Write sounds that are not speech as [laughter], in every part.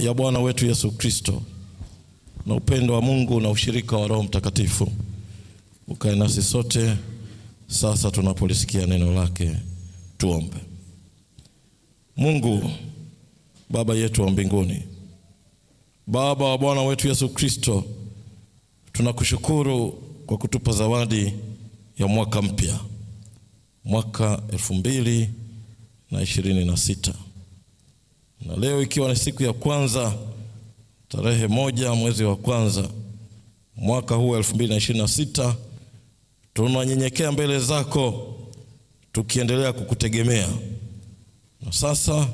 ya Bwana wetu Yesu Kristo na upendo wa Mungu na ushirika wa Roho Mtakatifu ukae nasi sote sasa tunapolisikia neno lake. Tuombe. Mungu Baba yetu wa mbinguni, Baba wa Bwana wetu Yesu Kristo, tunakushukuru kwa kutupa zawadi ya mwaka mpya, mwaka elfu mbili na ishirini na sita. Na leo ikiwa ni siku ya kwanza tarehe moja mwezi wa kwanza mwaka huu 2026 na tunanyenyekea mbele zako tukiendelea kukutegemea. Na sasa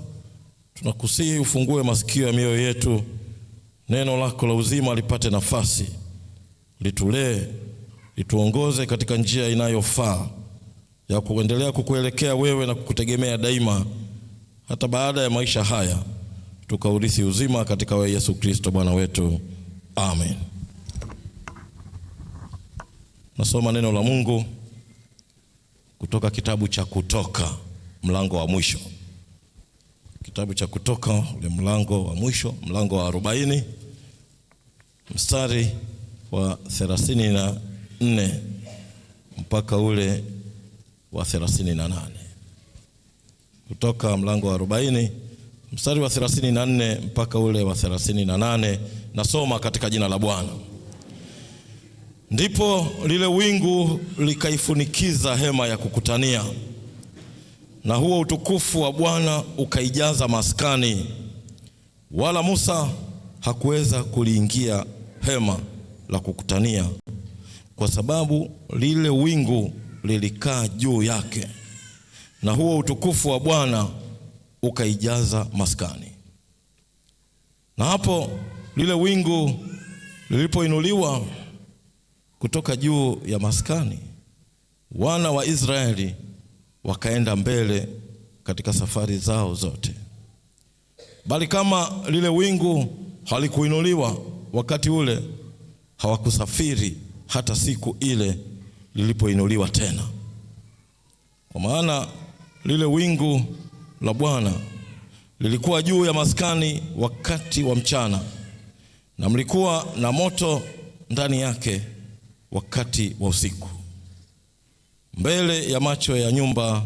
tunakusihi ufungue masikio ya mioyo yetu, neno lako la uzima lipate nafasi, litulee, lituongoze katika njia inayofaa ya kuendelea kukuelekea wewe na kukutegemea daima hata baada ya maisha haya tukaurithi uzima katika wewe Yesu Kristo Bwana wetu. Amen. Nasoma neno la Mungu kutoka kitabu cha Kutoka mlango wa mwisho, kitabu cha Kutoka ule mlango wa mwisho, mlango wa arobaini mstari wa thelathini na nne mpaka ule wa thelathini na nane. Kutoka mlango wa 40 mstari wa 34 mpaka ule wa 38. Nasoma katika jina la Bwana. Ndipo lile wingu likaifunikiza hema ya kukutania, na huo utukufu wa Bwana ukaijaza maskani, wala Musa hakuweza kuliingia hema la kukutania, kwa sababu lile wingu lilikaa juu yake na huo utukufu wa Bwana ukaijaza maskani. Na hapo lile wingu lilipoinuliwa kutoka juu ya maskani, wana wa Israeli wakaenda mbele katika safari zao zote. Bali kama lile wingu halikuinuliwa wakati ule, hawakusafiri hata siku ile lilipoinuliwa tena, kwa maana lile wingu la Bwana lilikuwa juu ya maskani wakati wa mchana, na mlikuwa na moto ndani yake wakati wa usiku, mbele ya macho ya nyumba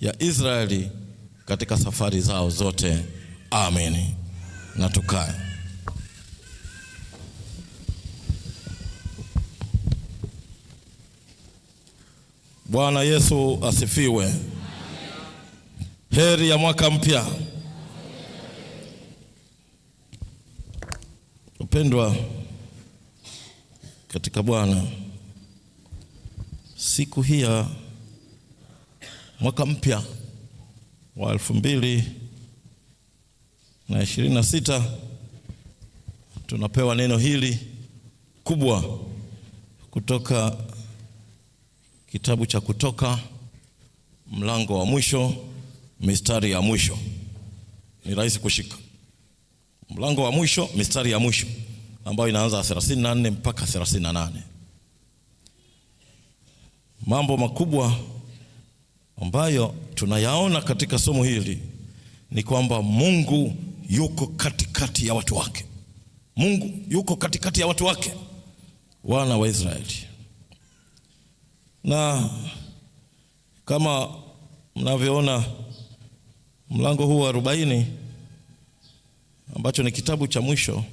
ya Israeli katika safari zao zote. Amen. na tukae. Bwana Yesu asifiwe. Heri ya mwaka mpya. Upendwa katika Bwana, siku hii ya mwaka mpya wa elfu mbili na ishirini na sita tunapewa neno hili kubwa kutoka kitabu cha Kutoka mlango wa mwisho mistari ya mwisho ni rahisi kushika. Mlango wa mwisho mistari ya mwisho ambayo inaanza 34 mpaka 38. Mambo makubwa ambayo tunayaona katika somo hili ni kwamba Mungu yuko katikati ya watu wake. Mungu yuko katikati ya watu wake wana wa Israeli, na kama mnavyoona mlango huu wa 40 ambacho ni kitabu cha mwisho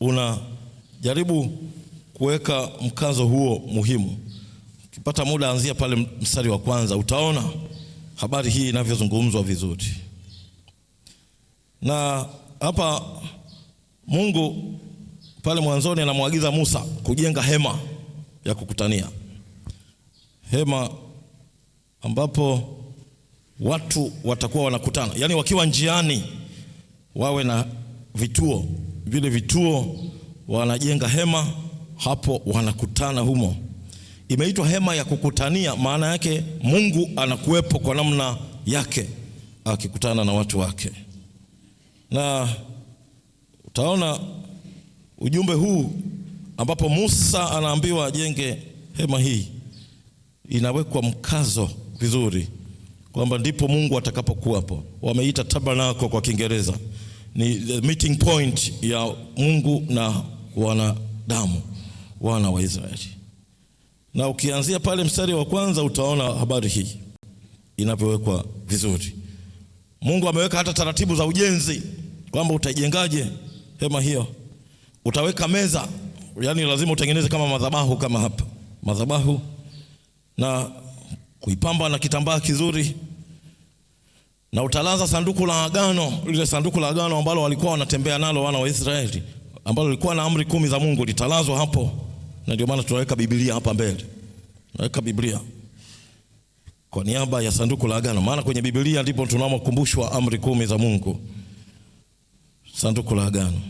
unajaribu kuweka mkazo huo muhimu. Ukipata muda, anzia pale mstari wa kwanza, utaona habari hii inavyozungumzwa vizuri. Na hapa Mungu pale mwanzoni anamwagiza Musa kujenga hema ya kukutania, hema ambapo watu watakuwa wanakutana, yaani wakiwa njiani wawe na vituo vile, vituo wanajenga hema hapo, wanakutana humo. Imeitwa hema ya kukutania, maana yake Mungu anakuwepo kwa namna yake akikutana na watu wake, na utaona ujumbe huu ambapo Musa anaambiwa ajenge hema hii, inawekwa mkazo vizuri kwamba ndipo Mungu atakapokuwapo. Wameita tabernacle kwa Kiingereza ni the meeting point ya Mungu na wanadamu, wana wa Israeli. Na ukianzia pale mstari wa kwanza utaona habari hii inavyowekwa vizuri. Mungu ameweka hata taratibu za ujenzi kwamba utajengaje hema hiyo, utaweka meza, yani lazima utengeneze kama madhabahu kama hapa madhabahu, na kuipamba na kitambaa kizuri na utalaza sanduku la agano, lile sanduku la agano ambalo walikuwa wanatembea nalo wana wa Israeli, ambalo lilikuwa na amri kumi za Mungu, litalazwa hapo. Na ndio maana tunaweka Biblia hapa mbele, tunaweka Biblia kwa niaba ya sanduku la agano, maana kwenye Biblia ndipo tunamokumbushwa amri kumi za Mungu. Sanduku la agano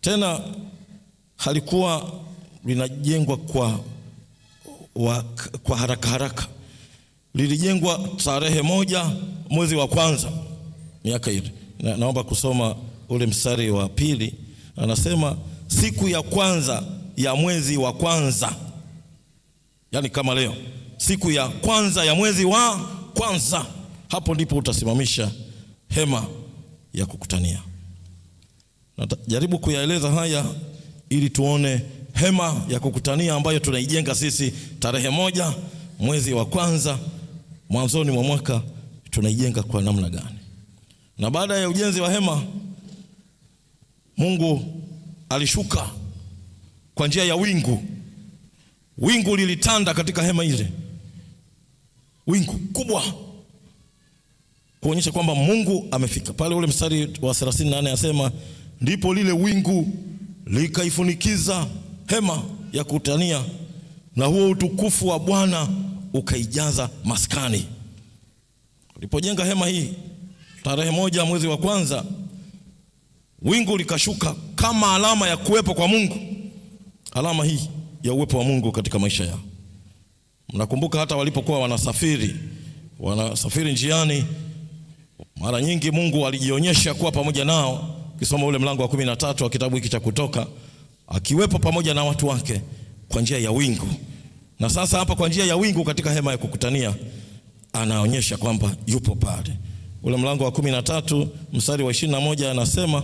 tena halikuwa linajengwa kwa, kwa haraka haraka lilijengwa tarehe moja mwezi wa kwanza miaka ile na, naomba kusoma ule mstari wa pili. Anasema siku ya kwanza ya mwezi wa kwanza, yani kama leo, siku ya kwanza ya mwezi wa kwanza, hapo ndipo utasimamisha hema ya kukutania. Najaribu kuyaeleza haya ili tuone hema ya kukutania ambayo tunaijenga sisi tarehe moja mwezi wa kwanza mwanzoni mwa mwaka tunaijenga kwa namna gani. Na baada ya ujenzi wa hema, Mungu alishuka kwa njia ya wingu. Wingu lilitanda katika hema ile, wingu kubwa kuonyesha kwamba Mungu amefika pale. Ule mstari wa 38 anasema, ndipo lile wingu likaifunikiza hema ya kutania, na huo utukufu wa Bwana ukaijaza maskani. Ulipojenga hema hii tarehe moja mwezi wa kwanza, wingu likashuka kama alama ya kuwepo kwa Mungu, alama hii ya uwepo wa Mungu katika maisha yao. Mnakumbuka hata walipokuwa wanasafiri, wanasafiri njiani, mara nyingi Mungu alijionyesha kuwa pamoja nao. Ukisoma ule mlango wa kumi na tatu wa kitabu hiki cha Kutoka, akiwepo pamoja na watu wake kwa njia ya wingu. Na sasa hapa kwa njia ya wingu katika hema ya kukutania anaonyesha kwamba yupo pale. Ule mlango wa kumi na tatu mstari wa ishirini na moja anasema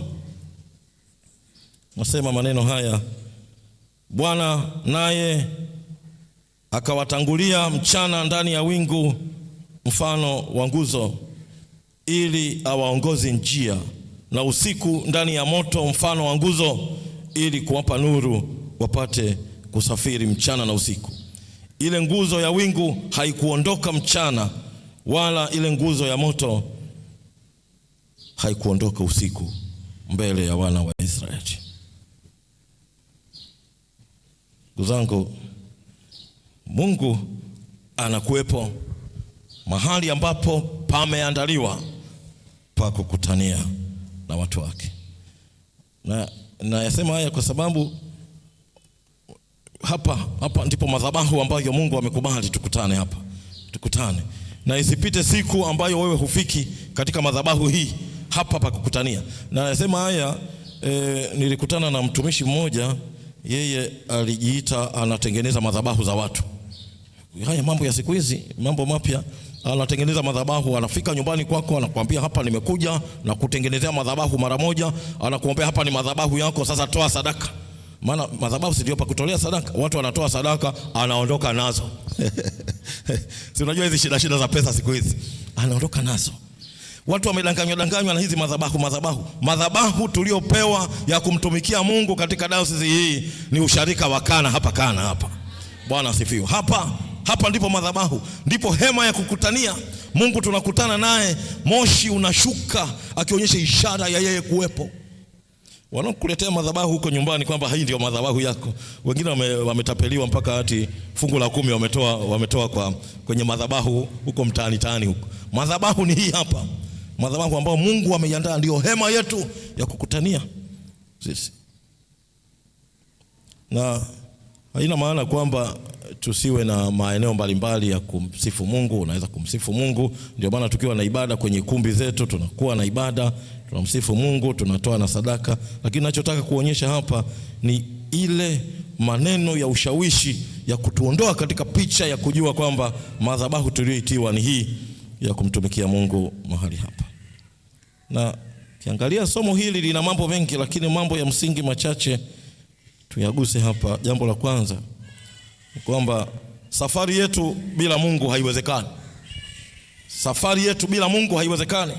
nasema maneno haya, Bwana naye akawatangulia mchana ndani ya wingu mfano wa nguzo, ili awaongoze njia, na usiku ndani ya moto mfano wa nguzo, ili kuwapa nuru wapate kusafiri mchana na usiku. Ile nguzo ya wingu haikuondoka mchana, wala ile nguzo ya moto haikuondoka usiku mbele ya wana wa Israeli. Ndugu zangu, Mungu anakuwepo mahali ambapo pameandaliwa pa kukutania na watu wake, na nayasema haya kwa sababu hapa hapa ndipo madhabahu ambayo Mungu amekubali tukutane hapa, tukutane na isipite siku ambayo wewe hufiki katika madhabahu hii hapa pa kukutania. Na nasema haya e, nilikutana na mtumishi mmoja, yeye alijiita anatengeneza madhabahu za watu. Haya mambo ya siku hizi, mambo mapya. Anatengeneza madhabahu, anafika nyumbani kwako, anakuambia hapa nimekuja na kutengenezea madhabahu mara moja, anakuombea hapa ni madhabahu yako, sasa toa sadaka maana madhabahu si ndio pa kutolea sadaka. Watu wanatoa sadaka, anaondoka nazo [laughs] si unajua hizi shida shida za pesa siku hizi, anaondoka nazo. Watu wamedanganywa danganywa na hizi madhabahu madhabahu madhabahu. Tuliopewa ya kumtumikia Mungu katika dayosisi hii ni usharika wa Kana hapa Kana hapa, Bwana asifiwe. Hapa hapa ndipo madhabahu, ndipo hema ya kukutania Mungu. Tunakutana naye, moshi unashuka akionyesha ishara ya yeye kuwepo wanakuletea madhabahu huko nyumbani kwamba hii ndio madhabahu yako. Wengine wame, wametapeliwa mpaka hati fungu la kumi wametoa, wametoa kwa, kwenye madhabahu huko mtaani tani huko. Madhabahu ni hii hapa, madhabahu ambayo Mungu ameiandaa, ndio hema yetu ya kukutania sisi na Haina maana kwamba tusiwe na maeneo mbalimbali ya kumsifu Mungu. Unaweza kumsifu Mungu, ndio maana tukiwa na ibada kwenye kumbi zetu tunakuwa na ibada, tunamsifu Mungu, tunatoa na sadaka, lakini nachotaka kuonyesha hapa ni ile maneno ya ushawishi ya kutuondoa katika picha ya kujua kwamba madhabahu tuliyoitiwa ni hii ya kumtumikia Mungu mahali hapa. Na kiangalia somo hili lina mambo mengi, lakini mambo ya msingi machache tuyaguse hapa. Jambo la kwanza ni kwamba safari yetu bila Mungu haiwezekani. Safari yetu bila Mungu haiwezekani.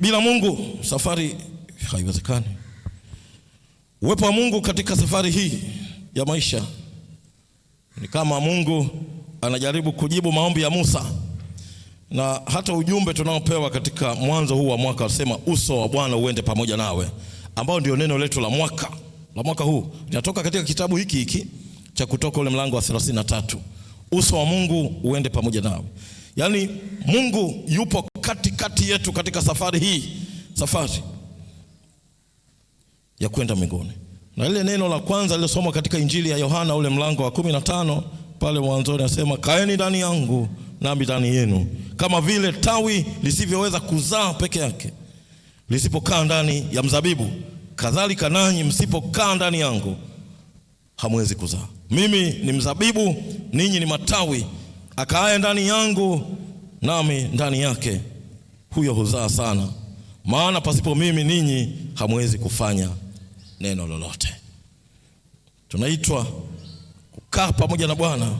Bila Mungu safari haiwezekani. Uwepo wa Mungu katika safari hii ya maisha ni kama Mungu anajaribu kujibu maombi ya Musa na hata ujumbe tunaopewa katika mwanzo huu wa mwaka asema uso wa Bwana uende pamoja nawe, ambao ndio neno letu la mwaka la mwaka huu linatoka katika kitabu hiki hiki cha Kutoka, ule mlango wa 33. Uso wa Mungu uende pamoja nawe, yaani Mungu yupo katikati yetu katika safari hii, safari ya kwenda mbinguni. Na ile neno la kwanza lilosomwa katika Injili ya Yohana ule mlango wa 15 pale mwanzoni, anasema kaeni ndani yangu nami ndani yenu, kama vile tawi lisivyoweza kuzaa peke yake lisipokaa ndani ya mzabibu, kadhalika nanyi msipokaa ndani yangu hamwezi kuzaa. Mimi ni mzabibu, ninyi ni matawi. Akaaye ndani yangu, nami ndani yake, huyo huzaa sana, maana pasipo mimi ninyi hamwezi kufanya neno lolote. Tunaitwa kukaa pamoja na Bwana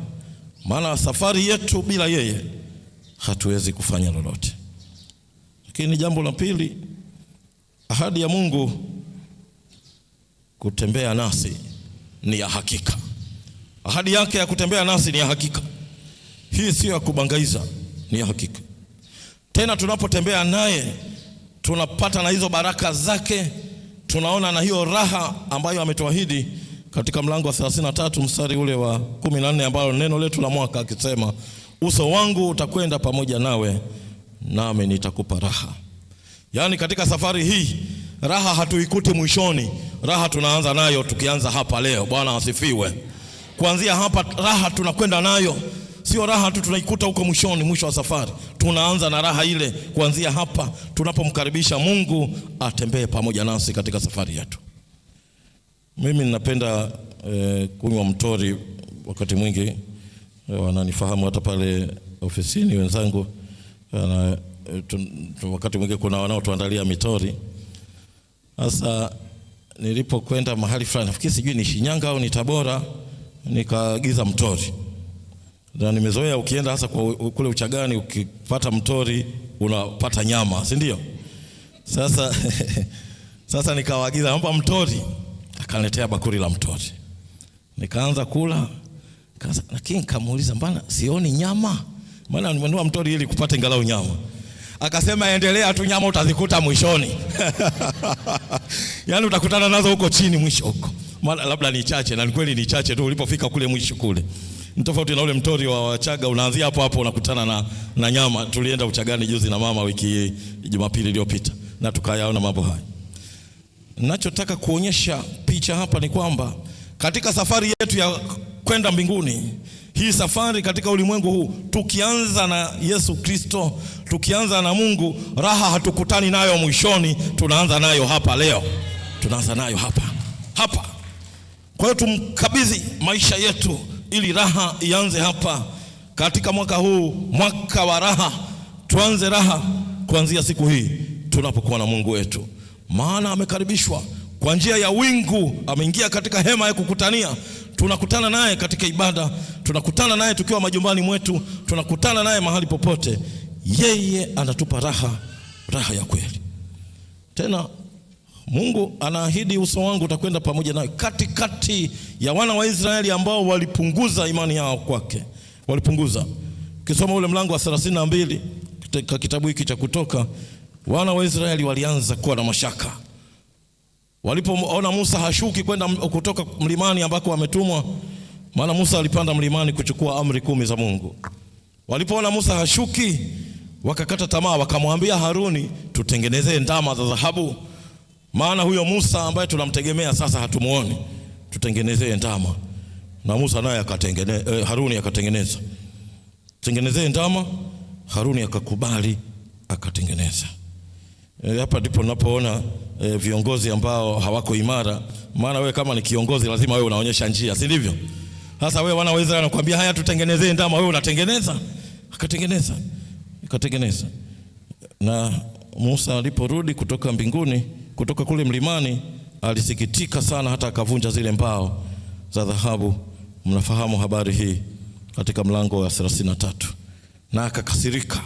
maana safari yetu bila yeye hatuwezi kufanya lolote. Lakini jambo la pili, ahadi ya Mungu kutembea nasi ni ya hakika. Ahadi yake ya kutembea nasi ni ya hakika. Hii sio ya kubangaiza, ni ya hakika. Tena tunapotembea naye tunapata na hizo baraka zake, tunaona na hiyo raha ambayo ametuahidi katika mlango wa 33 mstari ule wa 14, ambalo neno letu la mwaka akisema, uso wangu utakwenda pamoja nawe nami nitakupa raha. Yaani katika safari hii raha hatuikuti mwishoni, raha tunaanza nayo tukianza hapa leo. Bwana asifiwe. Kuanzia hapa raha tunakwenda nayo, sio raha tu tunaikuta huko mwishoni, mwisho wa safari. Tunaanza na raha ile kuanzia hapa tunapomkaribisha Mungu atembee pamoja nasi katika safari yetu. Mimi ninapenda eh, kunywa mtori wakati mwingi, eh, wananifahamu hata pale ofisini wenzangu na, eh, tu, tu, wakati mwingi kuna wanaotuandalia mitori. Sasa nilipokwenda mahali fulani, nafikiri sijui ni Shinyanga au ni Tabora, nikaagiza mtori na nimezoea ukienda hasa kule Uchagani, ukipata mtori unapata nyama, si ndio? Sasa [laughs] sasa nikawaagiza, naomba mtori akaniletea bakuli la mtoti, nikaanza kula, kaza, lakini nikamuuliza, mbona sioni nyama? Maana nimenua mtoti ili kupata ingalau nyama. Akasema endelea tu, nyama utazikuta mwishoni [laughs] yani utakutana nazo huko chini mwisho huko, maana labda ni chache, na ni kweli ni chache tu. Ulipofika kule mwisho kule ni tofauti na ule mtori wa Wachaga, unaanzia hapo hapo unakutana na, na nyama. Tulienda Uchagani juzi na mama wiki hii Jumapili iliyopita na tukayaona mambo haya. Nachotaka kuonyesha picha hapa ni kwamba katika safari yetu ya kwenda mbinguni, hii safari katika ulimwengu huu, tukianza na Yesu Kristo, tukianza na Mungu, raha hatukutani nayo mwishoni, tunaanza nayo hapa leo, tunaanza nayo hapa hapa. Kwa hiyo tumkabidhi maisha yetu ili raha ianze hapa katika mwaka huu, mwaka wa raha. Tuanze raha kuanzia siku hii tunapokuwa na Mungu wetu maana amekaribishwa kwa njia ya wingu, ameingia katika hema ya kukutania. Tunakutana naye katika ibada, tunakutana naye tukiwa majumbani mwetu, tunakutana naye mahali popote. Yeye anatupa raha, raha ya kweli. Tena Mungu anaahidi, uso wangu utakwenda pamoja nawe, katikati ya wana wa Israeli ambao walipunguza imani yao kwake, walipunguza. Ukisoma ule mlango wa 32 katika kitabu hiki cha Kutoka Wana wa Israeli walianza kuwa na mashaka walipoona Musa hashuki kwenda kutoka mlimani ambako ametumwa, maana Musa alipanda mlimani kuchukua amri kumi za Mungu. Walipoona Musa hashuki, wakakata tamaa, wakamwambia Haruni, tutengenezee ndama za dhahabu, maana huyo Musa ambaye tunamtegemea sasa hatumuoni, tutengenezee ndama. Na Musa naye akatengene, eh, Haruni akatengeneza, tengenezee ndama. Haruni akakubali, akatengeneza. E, hapa ndipo napoona e, eh, viongozi ambao hawako imara. Maana wewe kama ni kiongozi lazima wewe unaonyesha njia, si ndivyo? Sasa wewe wanaweza anakuambia haya, tutengenezee ndama, wewe unatengeneza, akatengeneza, akatengeneza. Na Musa aliporudi kutoka mbinguni, kutoka kule mlimani, alisikitika sana, hata akavunja zile mbao za dhahabu. Mnafahamu habari hii katika mlango wa 33, na akakasirika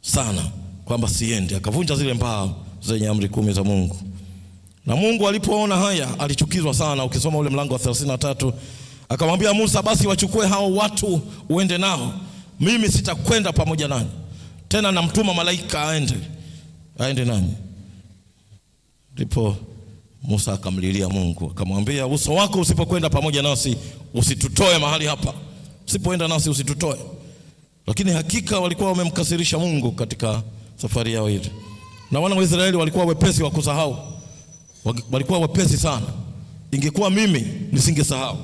sana kwamba siende, akavunja zile mbao zenye amri kumi za Mungu. Na Mungu alipoona haya alichukizwa sana. Ukisoma ule mlango wa 33 akamwambia Musa, basi wachukue hao watu uende nao, mimi sitakwenda pamoja nanyi tena, namtuma malaika aende aende nanyi. Ndipo Musa akamlilia Mungu akamwambia, uso wako usipokwenda pamoja nasi usitutoe mahali hapa, usipoenda nasi usitutoe. Lakini hakika walikuwa wamemkasirisha Mungu katika safari yao hivi. Na wana wa Israeli walikuwa wepesi wa kusahau, walikuwa wepesi sana. Ingekuwa mimi nisingesahau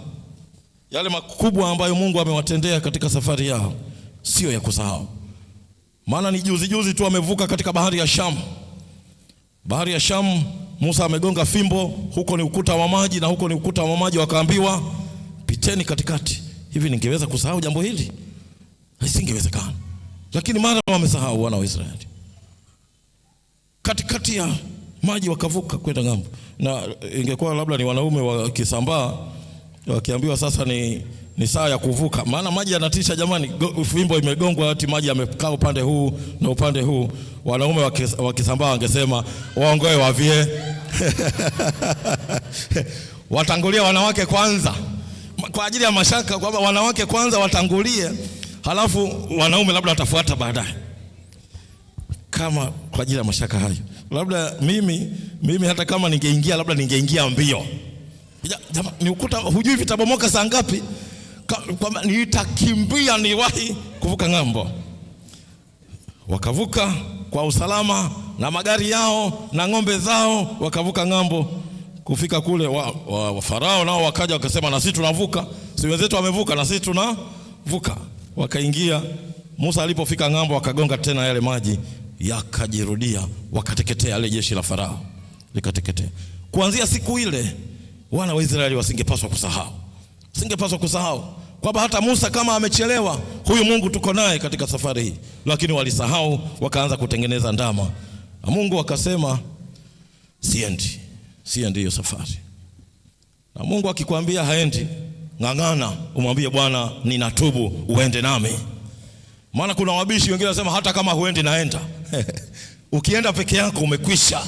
yale makubwa ambayo Mungu amewatendea katika safari yao, sio ya kusahau. Maana ni juzi juzi tu amevuka katika bahari ya Shamu. Bahari ya Shamu, Musa amegonga fimbo, huko ni ukuta wa maji na huko ni ukuta wa maji, wakaambiwa piteni katikati. Hivi ningeweza kusahau jambo hili? Isingewezekana. Lakini mara wamesahau wana wa Israeli katikati ya maji wakavuka kwenda ng'ambo. Na eh, ingekuwa labda ni wanaume wakisambaa wakiambiwa sasa ni, ni saa ya kuvuka, maana maji yanatisha jamani. Fimbo imegongwa ati maji yamekaa upande huu na upande huu, wanaume wakisambaa wangesema waongoe wavie [laughs] watangulia wanawake kwanza, kwa ajili ya mashaka kwamba wanawake kwanza watangulie, halafu wanaume labda watafuata baadaye kama kwa ajili ya mashaka hayo, labda mimi mimi hata kama ningeingia labda ningeingia mbio. Ni ukuta hujui vitabomoka saa ngapi, kwamba nitakimbia niwahi kuvuka ng'ambo. Wakavuka kwa usalama na magari yao na ng'ombe zao, wakavuka ng'ambo. Kufika kule wa, wa, wa Farao nao wakaja wakasema, na sisi tunavuka, si wenzetu wamevuka, na sisi tunavuka. Wakaingia. Musa alipofika ng'ambo, akagonga tena yale maji yakajirudia, wakateketea. Yale jeshi la Farao likateketea. Kuanzia siku ile wana wa Israeli wasingepaswa kusahau, singepaswa kusahau kwamba hata Musa kama amechelewa, huyu Mungu tuko naye katika safari hii. Lakini walisahau, wakaanza kutengeneza ndama na Mungu akasema, siendi, siendi hiyo safari. Na Mungu akikwambia haendi, ng'ang'ana, umwambie Bwana, ninatubu, uende nami. Maana kuna wabishi wengine wanasema hata kama huendi naenda. [laughs] Ukienda peke yako umekwisha.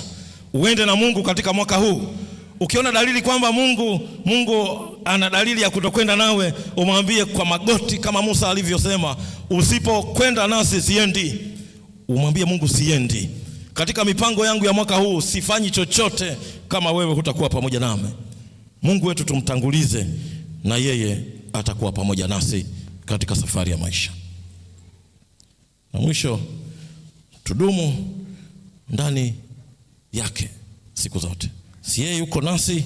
Uende na Mungu katika mwaka huu. Ukiona dalili kwamba Mungu Mungu ana dalili ya kutokwenda nawe, umwambie kwa magoti kama Musa alivyosema, usipokwenda nasi siendi. Umwambie Mungu siendi. Katika mipango yangu ya mwaka huu sifanyi chochote kama wewe hutakuwa pamoja nami. Mungu wetu tumtangulize na yeye atakuwa pamoja nasi katika safari ya maisha na mwisho tudumu ndani yake siku zote. Si yeye yuko nasi,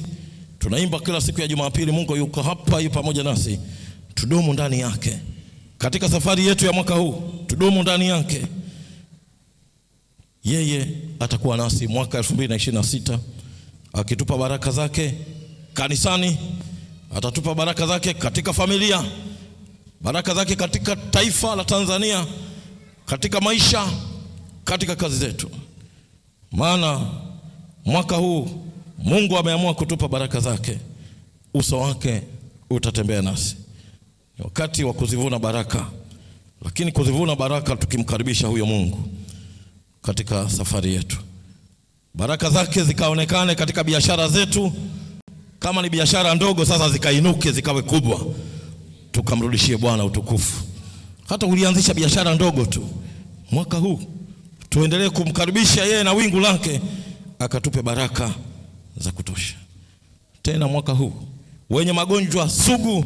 tunaimba kila siku ya Jumapili, Mungu yuko hapa, yupo pamoja nasi. Tudumu ndani yake katika safari yetu ya mwaka huu, tudumu ndani yake. Yeye atakuwa nasi mwaka 2026 akitupa baraka zake kanisani, atatupa baraka zake katika familia, baraka zake katika taifa la Tanzania katika maisha, katika kazi zetu, maana mwaka huu Mungu ameamua kutupa baraka zake. Uso wake utatembea nasi. Ni wakati wa kuzivuna baraka, lakini kuzivuna baraka tukimkaribisha huyo Mungu katika safari yetu, baraka zake zikaonekane katika biashara zetu. Kama ni biashara ndogo, sasa zikainuke zikawe kubwa, tukamrudishie Bwana utukufu hata ulianzisha biashara ndogo tu mwaka huu, tuendelee kumkaribisha yeye na wingu lake akatupe baraka za kutosha. Tena mwaka huu wenye magonjwa sugu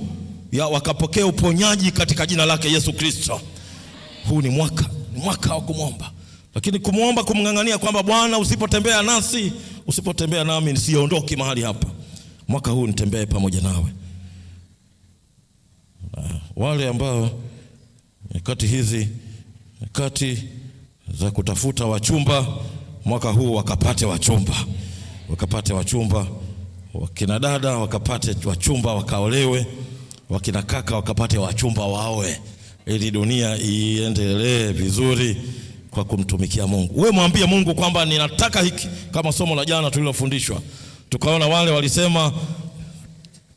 ya wakapokea uponyaji katika jina lake Yesu Kristo. Huu ni mwaka mwaka wa kumwomba, lakini kumwomba, kumng'ang'ania kwamba Bwana, usipotembea nasi, usipotembea nami, nisiondoki mahali hapa. Mwaka huu nitembee pamoja nawe. Ah, wale ambao nyakati hizi, nyakati za kutafuta wachumba, mwaka huu wakapate wachumba, wakapate wachumba, wakina dada wakapate wachumba, wakaolewe, wakina kaka wakapate wachumba, waoe, ili dunia iendelee vizuri kwa kumtumikia Mungu. We mwambie Mungu kwamba ninataka hiki, kama somo la jana tulilofundishwa, tukaona wale walisema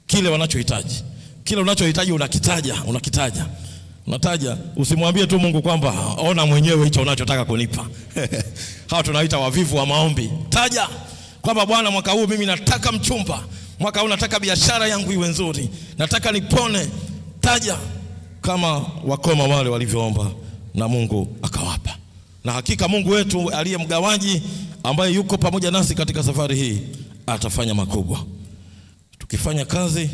kile wanachohitaji, kile unachohitaji unakitaja, unakitaja Nataja, usimwambie tu Mungu kwamba ona mwenyewe hicho unachotaka kunipa. [laughs] Hawa tunaita wavivu wa maombi. Taja kwamba Bwana, mwaka huu mimi nataka mchumba, mwaka huu nataka biashara yangu iwe nzuri, nataka nipone. Taja kama wakoma wale walivyoomba na Mungu akawapa. Na hakika Mungu wetu aliye mgawaji, ambaye yuko pamoja nasi katika safari hii, atafanya makubwa tukifanya kazi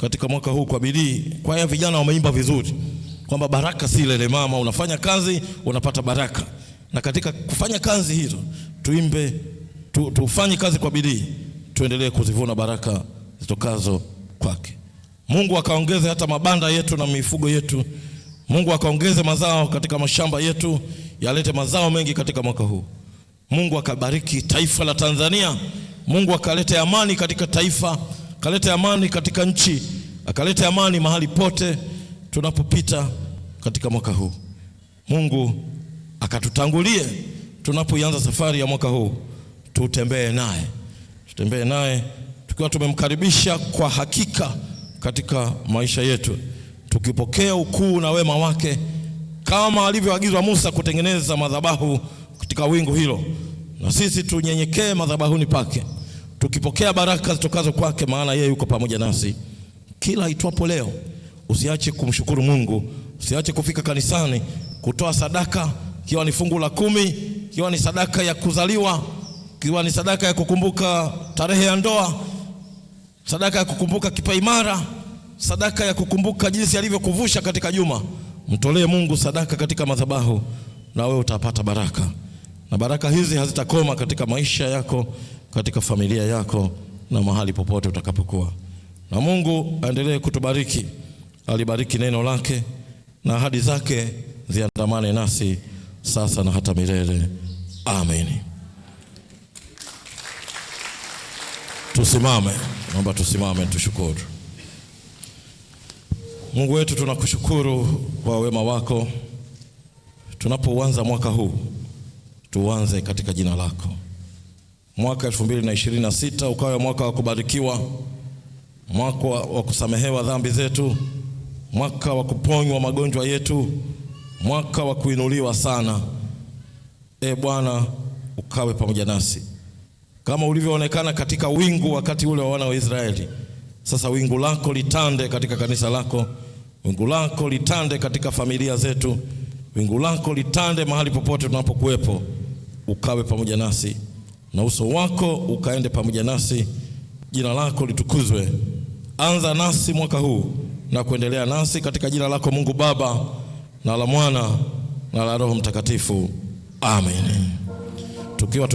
katika mwaka huu kwa bidii. Kwa hiyo vijana wameimba vizuri kwamba baraka si lele mama, unafanya kazi unapata baraka. Na katika kufanya kazi hizo tuimbe tu, tufanye kazi kwa bidii, tuendelee kuzivuna baraka zitokazo kwake. Mungu akaongeze hata mabanda yetu na mifugo yetu. Mungu akaongeze mazao katika mashamba yetu, yalete mazao mengi katika mwaka huu. Mungu akabariki taifa la Tanzania. Mungu akalete amani katika taifa, akalete amani katika nchi, akalete amani mahali pote tunapopita katika mwaka huu. Mungu akatutangulie tunapoianza safari ya mwaka huu, tutembee naye, tutembee naye tukiwa tumemkaribisha kwa hakika katika maisha yetu, tukipokea ukuu na wema wake kama alivyoagizwa Musa kutengeneza madhabahu katika wingu hilo, na sisi tunyenyekee madhabahuni pake tukipokea baraka zitokazo kwake, maana yeye yuko pamoja nasi kila itwapo leo. Usiache kumshukuru Mungu Usiache kufika kanisani kutoa sadaka, ikiwa ni fungu la kumi, ikiwa ni sadaka ya kuzaliwa, ikiwa ni sadaka ya kukumbuka tarehe ya ndoa, sadaka ya kukumbuka kipaimara, sadaka ya kukumbuka jinsi alivyokuvusha katika juma. Mtolee Mungu sadaka katika madhabahu, na wewe utapata baraka, na baraka hizi hazitakoma katika maisha yako, katika familia yako, na mahali popote utakapokuwa. Na Mungu aendelee kutubariki, alibariki neno lake na ahadi zake ziandamane nasi sasa na hata milele. Amen. Tusimame, naomba tusimame, tushukuru Mungu wetu. Tunakushukuru kwa wema wako. Tunapouanza mwaka huu, tuanze katika jina lako. Mwaka 2026 ukawa mwaka wa kubarikiwa, mwaka wa kusamehewa dhambi zetu mwaka wa kuponywa magonjwa yetu, mwaka wa kuinuliwa sana. E Bwana, ukawe pamoja nasi kama ulivyoonekana katika wingu wakati ule wa wana wa Israeli. Sasa wingu lako litande katika kanisa lako, wingu lako litande katika familia zetu, wingu lako litande mahali popote tunapokuwepo. Ukawe pamoja nasi na uso wako ukaende pamoja nasi, jina lako litukuzwe. Anza nasi mwaka huu na kuendelea nasi katika jina lako Mungu Baba na la Mwana na la Roho Mtakatifu. Amen. Tukiwa